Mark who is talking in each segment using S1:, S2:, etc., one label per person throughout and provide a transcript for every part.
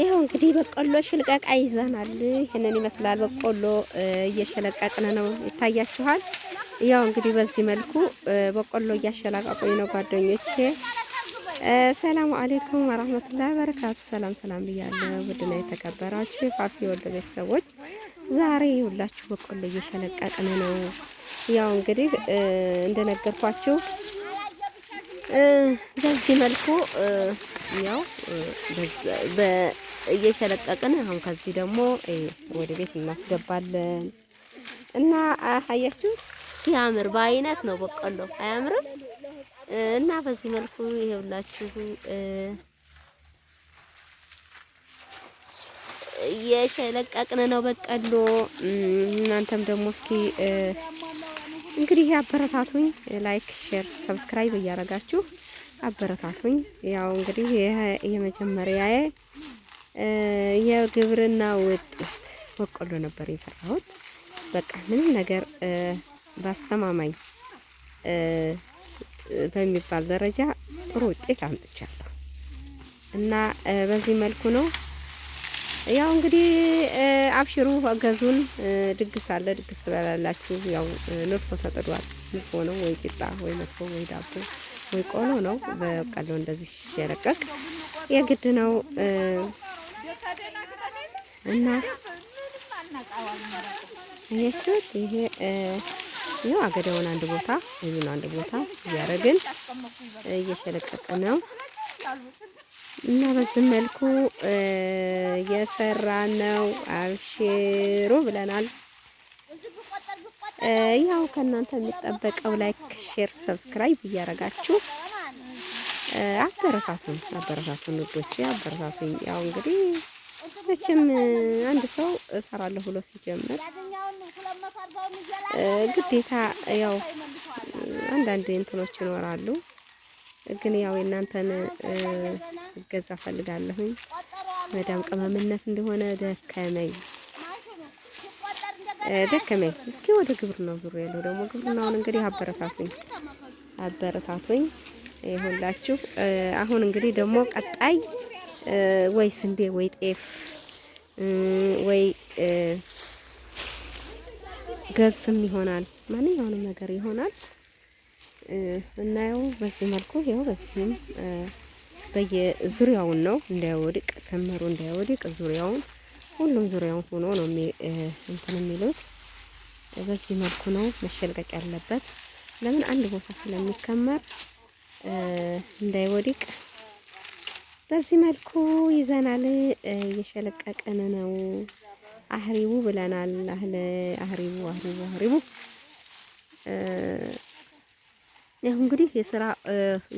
S1: ይኸው እንግዲህ በቆሎ ሽልቀቃ ይዘናል። ይህንን ይመስላል። በቆሎ እየሸለቀቅን ነው፣ ይታያችኋል። ያው እንግዲህ በዚህ መልኩ በቆሎ እያሸላቀቁኝ ነው ጓደኞቼ። ሰላም አሌይኩም ወራህመቱላሂ በረካቱ። ሰላም ሰላም ብያለሁ። ውድና የተከበራችሁ የፋፊ ወሎ ቤተሰቦች ዛሬ ሁላችሁ በቆሎ እየሸለቀቅን ነው። ያው እንግዲህ እንደነገርኳችሁ በዚህ መልኩ ያው እየሸለቀቅን አሁን ከዚህ ደግሞ ወደ ቤት እናስገባለን እና አያችሁ፣ ሲያምር በአይነት ነው በቆሎ አያምርም? እና በዚህ መልኩ ይሄውላችሁ የሸለቀቅን ነው በቆሎ። እናንተም ደግሞ እስኪ እንግዲህ አበረታቱኝ፣ ላይክ፣ ሼር፣ ሰብስክራይብ እያረጋችሁ አበረታቱኝ። ያው እንግዲህ የመጀመሪያዬ የግብርና ውጤት በቆሎ ነበር የሰራሁት። በቃ ምንም ነገር በአስተማማኝ በሚባል ደረጃ ጥሩ ውጤት አምጥቻለሁ እና በዚህ መልኩ ነው ያው እንግዲህ አብሽሩ ገዙን። ድግስ አለ፣ ድግስ ትበላላችሁ። ያው ንድፎ ተጥዷል። ንድፎ ነው ወይ ቂጣ ወይ መጥፎ ወይ ዳቦ ወይ ቆሎ ነው። በቀሎ እንደዚህ ሲሸረቀቅ የግድ ነው። እና እየችት ይሄ ይኸው አገዳውን አንድ ቦታ እዩን አንድ ቦታ እያደረግን እየሸለቀቀ ነው እና በዚህ መልኩ የሰራ ነው። አብሽሩ ብለናል። ያው ከእናንተ የሚጠበቀው ላይክ፣ ሼር፣ ሰብስክራይብ እያደረጋችሁ አበረታቱን አበረታቱን ውዶቼ አበረታቱኝ። ያው እንግዲህ መቼም አንድ ሰው እሰራለሁ ብሎ ሲጀምር ግዴታ ያው አንዳንድ እንትኖች ይኖራሉ። ግን ያው የእናንተን እገዛ ፈልጋለሁኝ። መዳም ቅመምነት እንደሆነ ደከመኝ ደከመኝ። እስኪ ወደ ግብርናው ዙር ያለው ደግሞ ግብርናውን እንግዲህ አበረታቱኝ አበረታቱኝ። ይሁላችሁ። አሁን እንግዲህ ደግሞ ቀጣይ ወይ ስንዴ ወይ ጤፍ ወይ ገብስም ይሆናል ማንኛውንም ነገር ይሆናል እናየው። በዚህ መልኩ ያው በዚህም በየዙሪያውን ነው እንዳይወድቅ ክምሩ እንዳይወድቅ ዙሪያውን ሁሉም ዙሪያውን ሆኖ ነው እንትን የሚሉት። በዚህ መልኩ ነው መሸልቀቅ ያለበት። ለምን አንድ ቦታ ስለሚከመር እንዳይወድቅ በዚህ መልኩ ይዘናል። እየሸለቀቀን ነው። አህሪቡ ብለናል። አህለ አህሪቡ አህሪቡ አህሪቡ ያው እንግዲህ የስራ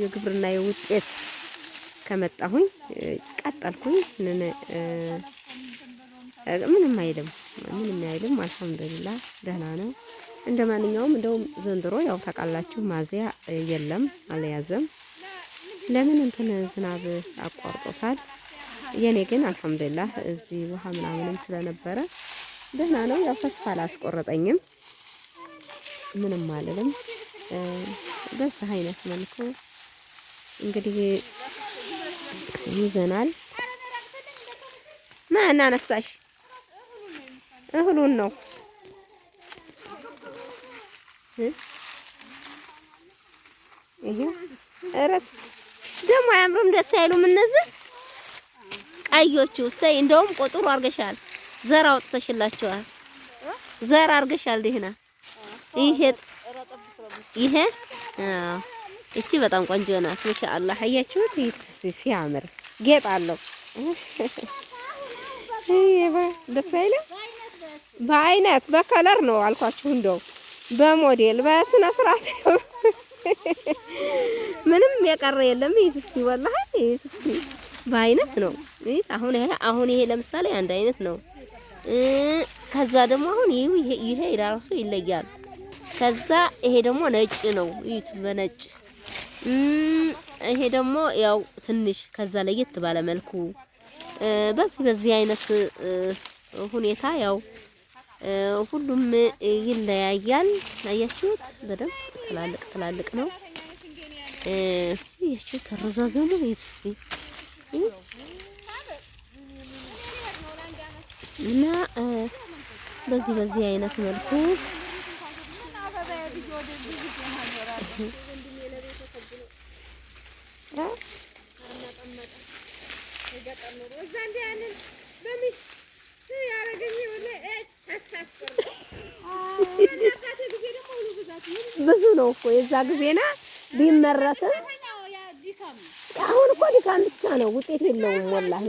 S1: የግብርና የውጤት ከመጣሁኝ ቀጠልኩኝ። ምንም አይልም ምንም አይልም። አልሐምዱሊላህ ደህና ነው። እንደ ማንኛውም እንደውም ዘንድሮ ያው ታውቃላችሁ ማዚያ የለም አልያዘም። ለምን እንትን ዝናብ አቋርጦታል። የኔ ግን አልሐምዱሊላህ እዚህ ውሃ ምናምንም ስለነበረ ደህና ነው። ያው ተስፋ አላስቆረጠኝም፣ ምንም አልልም። በዚህ አይነት መልኩ እንግዲህ ይዘናል። ማን አነሳሽ? እህሉን ነው እረስ ደግሞ አያምሩም? ደስ አይሉም? እነዚህ ቀዮቹ እሰይ። እንደውም ቆጥሩ አድርገሻል፣ ዘር አውጥተሽላቸዋል፣ ዘር አድርገሻል። ደህና ይሄ ይሄ እቺ በጣም ቆንጆ ናት። ማሻአላህ አያችሁት? ሲያምር ጌጥ አለው። ደስ አይልም? በአይነት በከለር ነው አልኳችሁ እንደው በሞዴል በስነ ስርዓት ምንም የቀረ የለም። ይሄስ እስቲ ወላሂ ይሄስ እስቲ በአይነት ነው። አሁን ይሄ አሁን ይሄ ለምሳሌ አንድ አይነት ነው። ከዛ ደግሞ አሁን ይሄ ይሄ ራሱ ይለያል። ከዛ ይሄ ደግሞ ነጭ ነው። እዩት በነጭ ይሄ ደግሞ ያው ትንሽ ከዛ ለየት ባለ መልኩ በዚህ በዚህ አይነት ሁኔታ ያው ሁሉም ይለያያል። አያችሁት? በደንብ ትላልቅ ትላልቅ ነው። አያችሁት? ተረዛዘሙ ይፍስ እና በዚህ በዚህ አይነት መልኩ ብዙ ነው እኮ የዛ ጊዜና ቢመረትም አሁን እኮ ድካም ብቻ ነው፣ ውጤት የለውም ወላሂ።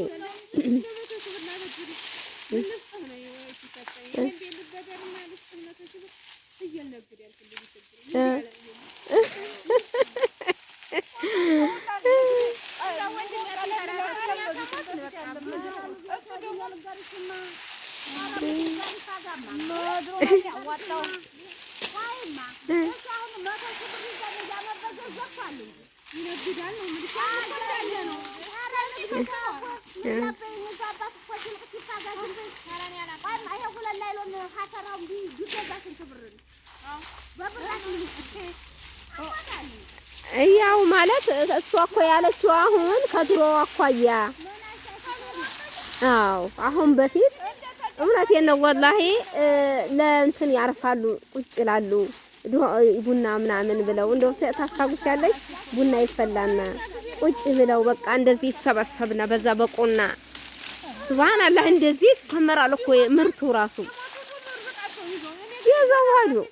S1: ያው ማለት እሷ እኮ ያለችው አሁን ከድሮ አኳያ። አው አሁን በፊት እውነቴን ነው ወላሂ ለእንትን ያርፋሉ፣ ቁጭ ይላሉ ቡና ምናምን ብለው እንደው ታስታውሻለሽ? ቡና ይፈላና ቁጭ ብለው በቃ እንደዚህ ይሰበሰብና በዛ በቆና ሱብሃንአላህ እንደዚህ ይከመራል እኮ ምርቱ ራሱ የዘዋዱ የለም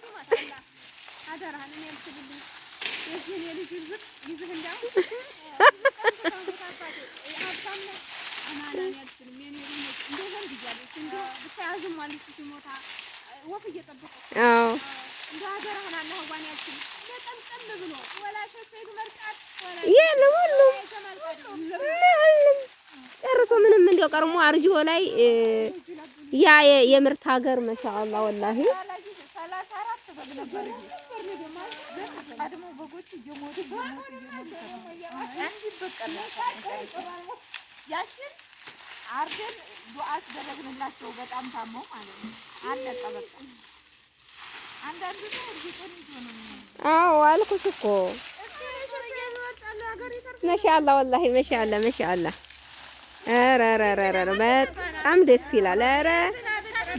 S1: ሁሉም ጨርሶ ምንም እንዲያው ቀርሞ አርጂዎ ላይ ያ የምርት ሀገር ማሻአላ ወላሂ አርደን ዱዓ አስደረግንላቸው። በጣም ታመው ማለት ነው። አለቀ በቃ። አንዳንዱ ነው እርግጥን ይሆኑ። አዎ አልኩሽ እኮ መሻአላ ወላሂ መሻአላ መሻአላ ኧረ በጣም ደስ ይላል። ረ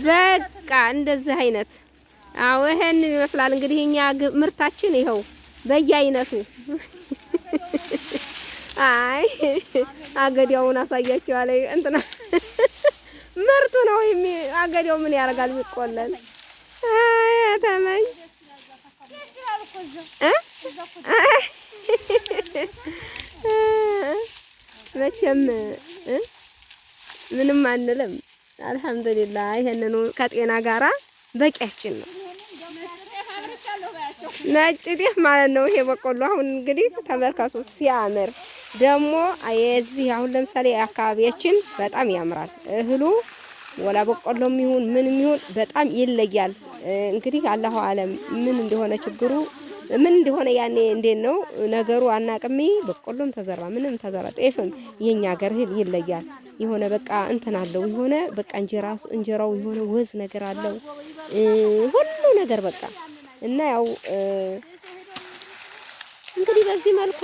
S1: በቃ እንደዚህ አይነት አዎ፣ ይሄን ይመስላል እንግዲህ እኛ ምርታችን ይኸው በየአይነቱ። አይ አገዲያውን አሳያችኋለሁ። እንትና ምርቱ ነው አገዲያው ምን ያደርጋል ቢቆለል። አይ ተመኝ እ መቼም ምንም አንልም። አልሐምዱሊላህ ይሄንኑ ከጤና ጋራ በቂያችን ነው። ነጭ ጤፍ ማለት ነው። ይሄ በቆሎ አሁን እንግዲህ ተመልከቱ ሲያምር ደግሞ የዚህ አሁን ለምሳሌ አካባቢያችን በጣም ያምራል እህሉ ወላ በቆሎም ይሁን ምንም ይሁን በጣም ይለያል። እንግዲህ አላሁ አለም ምን እንደሆነ ችግሩ ምን እንደሆነ ያኔ እንዴት ነው ነገሩ አናቅሜ። በቆሎም ተዘራ ምንም ተዘራ ጤፍም የኛ ሀገር እህል ይለያል። የሆነ በቃ እንትን አለው የሆነ በቃ እንጀራ እንጀራው የሆነ ወዝ ነገር አለው ሁሉ ነገር በቃ እና ያው እንግዲህ በዚህ መልኩ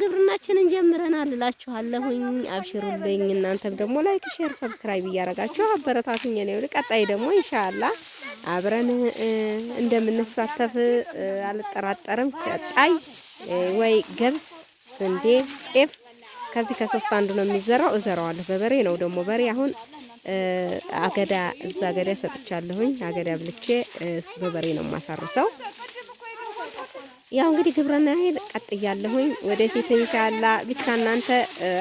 S1: ግብርናችንን ጀምረናል እላችኋለሁኝ። አብሽሩልኝ። እናንተም ደግሞ ላይክ፣ ሼር፣ ሰብስክራይብ እያረጋችሁ አበረታቱኝ። እኔ ቀጣይ ደግሞ ኢንሻአላህ አብረን እንደምንሳተፍ አልጠራጠርም። ቀጣይ ወይ ገብስ፣ ስንዴ፣ ጤፍ ከዚህ ከሶስት አንዱ ነው የሚዘራው። እዘራዋለሁ በበሬ ነው ደግሞ በሬ አሁን አገዳ እዛ አገዳ ሰጥቻለሁኝ። አገዳ ብልቼ እሱ በበሬ ነው የማሳርሰው። ያው እንግዲህ ግብርና ሄድ ቀጥያለሁኝ ወደፊት ኢንሻአላ። ብቻ እናንተ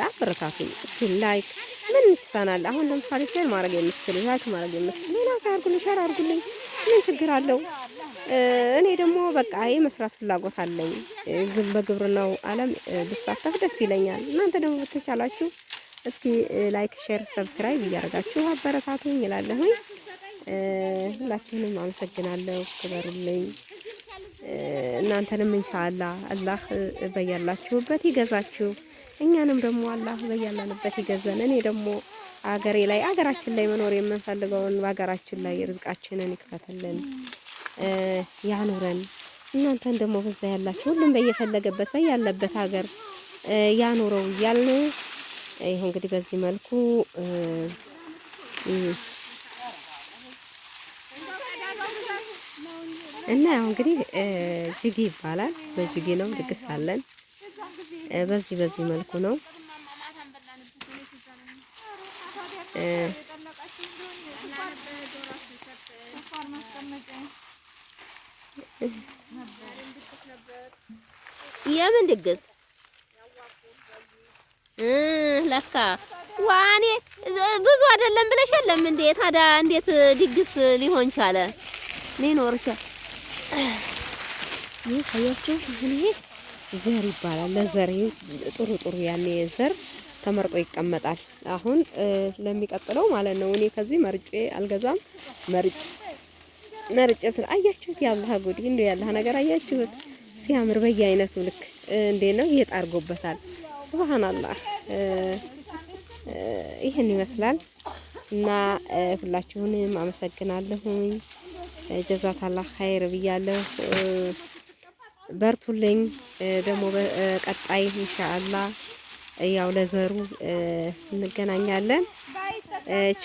S1: አበረታቱኝ። እስኪ ላይክ ምን ይሳናል? አሁን ለምሳሌ ሼር ማድረግ የምትችሉ ላይክ ማድረግ የምትችሉ ሌላ ካርጉኝ ሼር አድርጉልኝ። ምን ችግር አለው? እኔ ደግሞ በቃ የመስራት ፍላጎት አለኝ። ግን በግብርናው ዓለም ብሳተፍ ደስ ይለኛል። እናንተ ደግሞ ብትቻላችሁ እስኪ ላይክ፣ ሼር፣ ሰብስክራይብ እያደረጋችሁ አበረታቱኝ እላለሁኝ። ሁላችሁንም አመሰግናለሁ። ክበሩልኝ። እናንተንም እንሻአላ አላህ በያላችሁበት ይገዛችሁ፣ እኛንም ደግሞ አላህ በያለንበት ይገዘን። እኔ ደግሞ አገሬ ላይ አገራችን ላይ መኖር የምንፈልገውን በሀገራችን ላይ ርዝቃችንን ይክፈትልን ያኑረን። እናንተን ደግሞ በዛ ያላችሁ ሁሉም በየፈለገበት በያለበት ሀገር ያኑረው እያልን ይኸው እንግዲህ በዚህ መልኩ እና ያው እንግዲህ ጅጊ ይባላል። በጅጊ ነው ድግስ አለን። በዚህ በዚህ መልኩ ነው የምን ድግስ ለካ ዋኔ ብዙ አይደለም ብለሽ የለም እንዴ? ታዲያ እንዴት ድግስ ሊሆን ቻለ? ሊኖር ይችላል ይህ ታያችሁ፣ ይሄ ዘር ይባላል። ለዘር ጥሩ ጥሩ ያኔ ዘር ተመርጦ ይቀመጣል። አሁን ለሚቀጥለው ማለት ነው። እኔ ከዚህ መርጬ አልገዛም። መርጭ መርጭ ስለ አያችሁት ያላህ ጉድ እንዴ! ያላህ ነገር አያችሁት ሲያምር በየአይነቱ ልክ እንዴ ነው ይጣርጎበታል። ሱብሃንአላህ ይህን ይመስላል እና ሁላችሁንም አመሰግናለሁኝ። ጀዛታላ ኸይር ብያለሁ። በርቱልኝ። ደግሞ ቀጣይ ኢንሻአላ ያው ለዘሩ እንገናኛለን።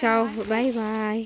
S1: ቻው ባይ ባይ።